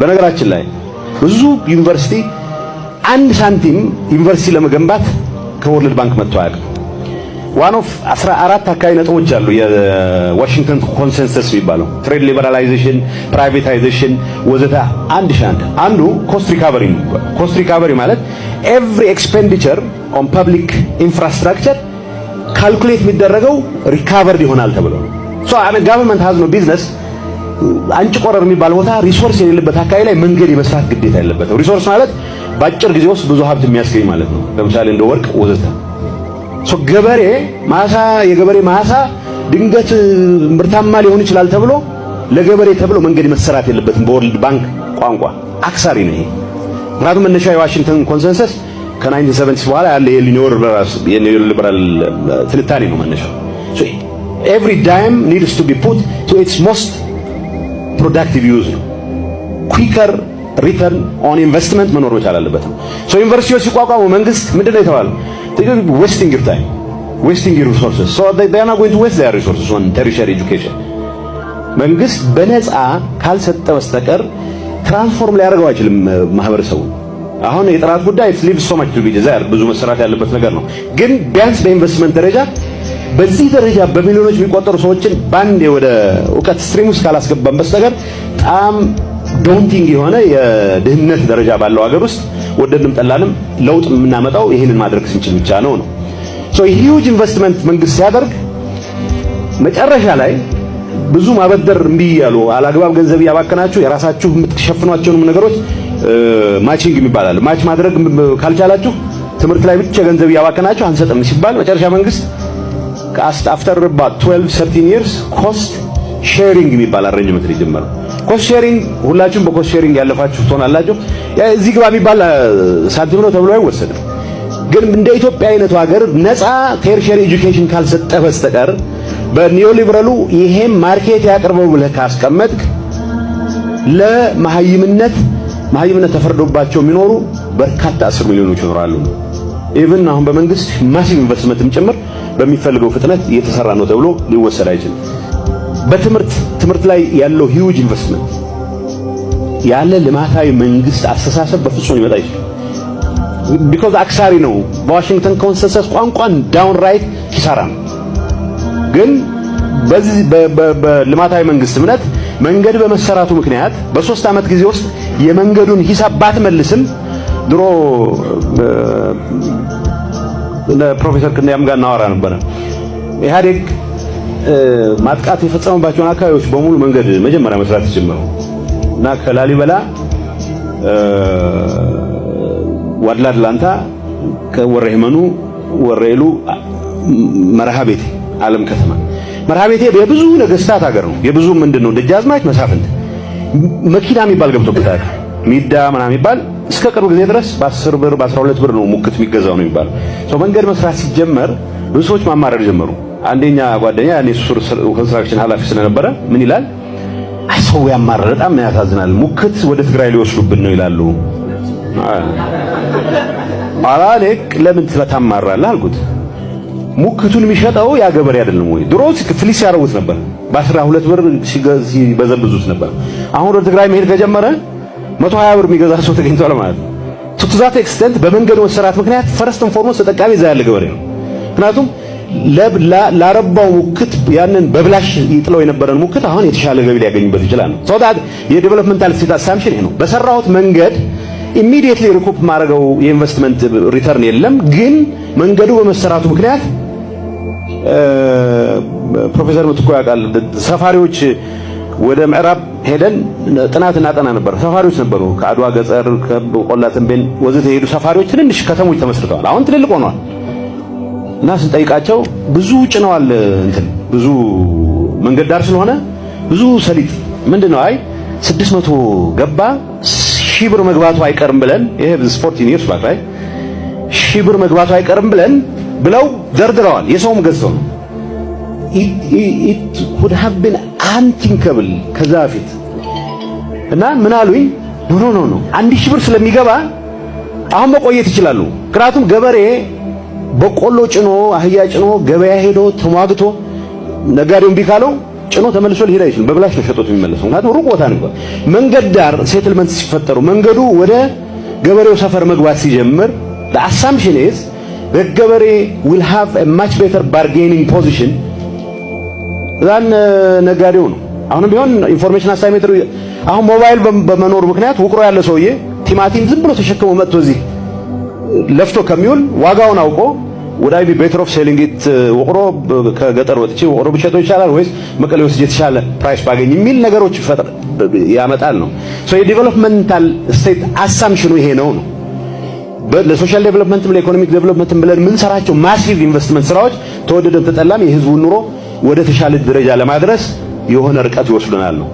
በነገራችን ላይ ብዙ ዩኒቨርሲቲ አንድ ሳንቲም ዩኒቨርሲቲ ለመገንባት ከወርልድ ባንክ መጥቶ አያውቅም። ዋን ኦፍ 14 አካባቢ ነጥቦች አሉ። የዋሽንግተን ኮንሰንሰስ የሚባለው ትሬድ ሊበራላይዜሽን፣ ፕራይቬታይዜሽን ወዘተ አንድ ሻንድ አንዱ ኮስት ሪካቨሪ ነው። ኮስት ሪካቨሪ ማለት ኤቭሪ ኤክስፔንዲቸር ኦን ፐብሊክ ኢንፍራስትራክቸር ካልኩሌት የሚደረገው ሪካቨርድ ይሆናል ተብሎ ነው። ሶ አሜ ጋቨርንመንት ሃዝ ኖ ቢዝነስ አንጭ ቆረር የሚባል ቦታ ሪሶርስ የሌለበት አካባቢ ላይ መንገድ የመስራት ግዴታ ነው። ሪሶርስ ማለት በአጭር ጊዜ ውስጥ ብዙ ሀብት የሚያስገኝ ማለት ነው። ለምሳሌ እንደ ወርቅ ወዘተ። ገበሬ ማሳ የገበሬ ማሳ ድንገት ምርታማ ሊሆን ይችላል ተብሎ ለገበሬ ተብሎ መንገድ መሰራት የለበትም። በወርልድ ባንክ ቋንቋ አክሳሪ ነው ይሄ። ምክንያቱም መነሻ የዋሽንግተን ኮንሰንሰስ ከ1970 በኋላ ያለ የኒዮ ሊበራል ትንታኔ ነው መነሻው። ኤቭሪ ዳይም ኒድስ ቱ ቢ ፑት ቱ ኢትስ ሞስት ፕሮዳክቲቭ ዩዝ ነው። ኩዊከር ሪተርን ኦን ኢንቨስትመንት መኖር መቻል አለበት ነው። ሶ ዩኒቨርሲቲዎች ሲቋቋሙ መንግስት ምንድን ነው የተባለው? ዌስቲንግ ዩር ታይም ዌስቲንግ ዩር ሪሶርሰስ ሶ ዴይ አር ናት ጎይንግ ቱ ዌስት ዜር ሪሶርሰስ ኦን ተርሸሪ ኤጁኬሽን መንግስት በነፃ ካልሰጠ በስተቀር ትራንስፎርም ሊያደርገው አይችልም ማህበረሰቡ። አሁን የጥራት ጉዳይ ሊቭ ሶ ማች ቱ ቢ ዲዛይር ብዙ መሰራት ያለበት ነገር ነው። ግን ቢያንስ በኢንቨስትመንት ደረጃ በዚህ ደረጃ በሚሊዮኖች የሚቆጠሩ ሰዎችን በአንዴ ወደ እውቀት ስትሪም ውስጥ ካላስገባን በስተቀር በጣም ዶንቲንግ የሆነ የድህነት ደረጃ ባለው ሀገር ውስጥ ወደድንም ጠላንም ለውጥ የምናመጣው ይህንን ማድረግ ስንችል ብቻ ነው ነው። ሶ ሂውጅ ኢንቨስትመንት መንግስት ሲያደርግ መጨረሻ ላይ ብዙ ማበደር እምቢ እያሉ አላግባብ ገንዘብ እያባከናችሁ የራሳችሁ የምትሸፍኗቸውንም ነገሮች ማቺንግ የሚባላል ማች ማድረግ ካልቻላችሁ ትምህርት ላይ ብቻ ገንዘብ እያባከናችሁ አንሰጥም ሲባል መጨረሻ መንግስት አፍተር ባ 12 13 ይርስ ኮስት ሼሪንግ የሚባል አረንጅመንት ሊጀመር ኮስት ሼሪንግ፣ ሁላችሁም በኮስት ሼሪንግ ያለፋችሁ ትሆናላችሁ። እዚህ ግባ የሚባል ሳንቲም ነው ተብሎ አይወሰድም። ግን እንደ ኢትዮጵያ አይነቱ ሀገር ነፃ ቴርሸሪ ኤጁኬሽን ካልሰጠ በስተቀር በኒዮ ሊበራሉ ይሄም ማርኬት ያቅርበው ብለህ ካስቀመጥክ ለመሀይምነት መሀይምነት ተፈርዶባቸው የሚኖሩ በርካታ 10 ሚሊዮኖች ይኖራሉ። ኢቭን አሁን በመንግስት ማሲቭ ኢንቨስትመንትም ጭምር በሚፈልገው ፍጥነት እየተሰራ ነው ተብሎ ሊወሰድ አይችልም። በትምህርት ትምህርት ላይ ያለው ሂውጅ ኢንቨስትመንት ያለ ልማታዊ መንግስት አስተሳሰብ በፍጹም ሊመጣ ይችላል። ቢኮዝ አክሳሪ ነው። በዋሽንግተን ኮንሰንሰስ ቋንቋን ዳውን ራይት ኪሳራ ነው። ግን በዚህ በልማታዊ መንግስት እምነት መንገድ በመሰራቱ ምክንያት በሶስት አመት ጊዜ ውስጥ የመንገዱን ሂሳብ ባትመልስም ድሮ ፕሮፌሰር ክንደያም ጋር እናወራ ነበረ። ኢህአዴግ ማጥቃት የፈጸመባቸውን አካባቢዎች በሙሉ መንገድ መጀመሪያ መስራት ጀመሩ እና ከላሊበላ ዋድላ አድላንታ፣ ከወረ ህመኑ፣ ወረኢሉ፣ መርሃ ቤቴ፣ ዓለም ከተማ መርሃ ቤቴ የብዙ ነገስታት ሀገር ነው። የብዙ ምንድን ነው ደጃዝማች መሳፍንት መኪና የሚባል ገብቶበታል። ሚዳ ምናምን የሚባል እስከ ቅርብ ጊዜ ድረስ በ10 ብር በ12 ብር ነው ሙክት የሚገዛው ነው የሚባለው። ሰው መንገድ መስራት ሲጀመር ብዙ ሰዎች ማማረር ጀመሩ። አንደኛ ጓደኛ ያኔ ሱር ኮንስትራክሽን ኃላፊ ስለነበረ ምን ይላል፣ አይ ሰው ያማረር በጣም ያሳዝናል። ሙክት ወደ ትግራይ ሊወስዱብን ነው ይላሉ። አላለቅ ለምን ትታማራለህ አልኩት። ሙክቱን የሚሸጠው ያ ገበሬ አይደለም ወይ? ድሮ ፍሊስ ያደርጉት ነበር፣ በ12 ብር ሲበዘብዙት ነበር። አሁን ወደ ትግራይ መሄድ ከጀመረ መቶ ብር የሚገዛ ሰው ተገኝቷል ማለት ነው። ቱዛት ኤክስተንት በመንገድ መሰራት ምክንያት ፈረስትን ኢንፎርሞስ ተጠቃሚ እዛ ያለ ገበሬ ነው። ምክንያቱም ላረባው ሙክት ያንን በብላሽ ይጥለው የነበረን ሙክት አሁን የተሻለ ገቢ ሊያገኝበት ይችላል ነው። ዳት የዴቨሎፕመንታል ስቴት አሳምሽን ይሄ ነው። በሰራሁት መንገድ ኢሚዲየትሊ ሪኩፕ ማድረገው የኢንቨስትመንት ሪተርን የለም፣ ግን መንገዱ በመሰራቱ ምክንያት ፕሮፌሰር ምትኮ ያውቃል ሰፋሪዎች ወደ ምዕራብ ሄደን ጥናት እናጠና ነበር። ሰፋሪዎች ነበሩ። ከአድዋ ገጠር፣ ቆላ ተንቤን ወዘተ የሄዱ ሰፋሪዎች ትንንሽ ከተሞች ተመስርተዋል። አሁን ትልልቅ ሆነዋል እና ስንጠይቃቸው ብዙ ጭነዋል። እንትን ብዙ መንገድ ዳር ስለሆነ ብዙ ሰሊጥ ምንድን ነው? አይ 600 ገባ ሺህ ብር መግባቱ አይቀርም ብለን ይሄ ስፖርቲን ይርስ ባክ ላይ ሺህ ብር መግባቱ አይቀርም ብለን ብለው ደርድረዋል። የሰውም ገዝተው ነው አንቲን ከብል ከዛ በፊት እና ምን አሉኝ፣ ኖ ኖ ኖ ኖ አንድ ሺህ ብር ስለሚገባ አሁን መቆየት ይችላሉ። ምክንያቱም ገበሬ በቆሎ ጭኖ አህያ ጭኖ ገበያ ሄዶ ተሟግቶ ነጋዴው ቢካለው ጭኖ ተመልሶ ሊሄድ አይችልም። በብላሽ ነው ሸጦት የሚመለሰው። ምክንያቱም ሩቅ ቦታ ነበር። መንገድ ዳር ሴትልመንት ሲፈጠሩ መንገዱ ወደ ገበሬው ሰፈር መግባት ሲጀምር the assumption is ገበሬ will have a much better bargaining position እዛን ነጋዴው ነው። አሁንም ቢሆን ኢንፎርሜሽን አሳይሜትሩ አሁን ሞባይል በመኖሩ ምክንያት ውቅሮ ያለ ሰውዬ ቲማቲም ዝም ብሎ ተሸክሞ መጥቶ እዚህ ለፍቶ ከሚውል ዋጋውን አውቆ ወዳይ አይቢ ቤተር ኦፍ ሴሊንግ ኢት ውቅሮ ከገጠር ወጥቼ ውቅሮ ብሸጠው ይሻላል ወይስ መቀሌ ውስጥ የተሻለ ፕራይስ ባገኝ የሚል ነገሮች ይፈጥራል ያመጣል ነው። ሶ የዲቨሎፕመንታል ስቴት አሳምሽኑ ይሄ ነው ነው ለሶሻል ዴቨሎፕመንትም ለኢኮኖሚክ ዴቨሎፕመንትም ብለን የምንሰራቸው ማሲቭ ኢንቨስትመንት ስራዎች ተወደደም ተጠላም የህዝቡን ኑሮ ወደ ተሻለ ደረጃ ለማድረስ የሆነ ርቀት ይወስዱናል ነው።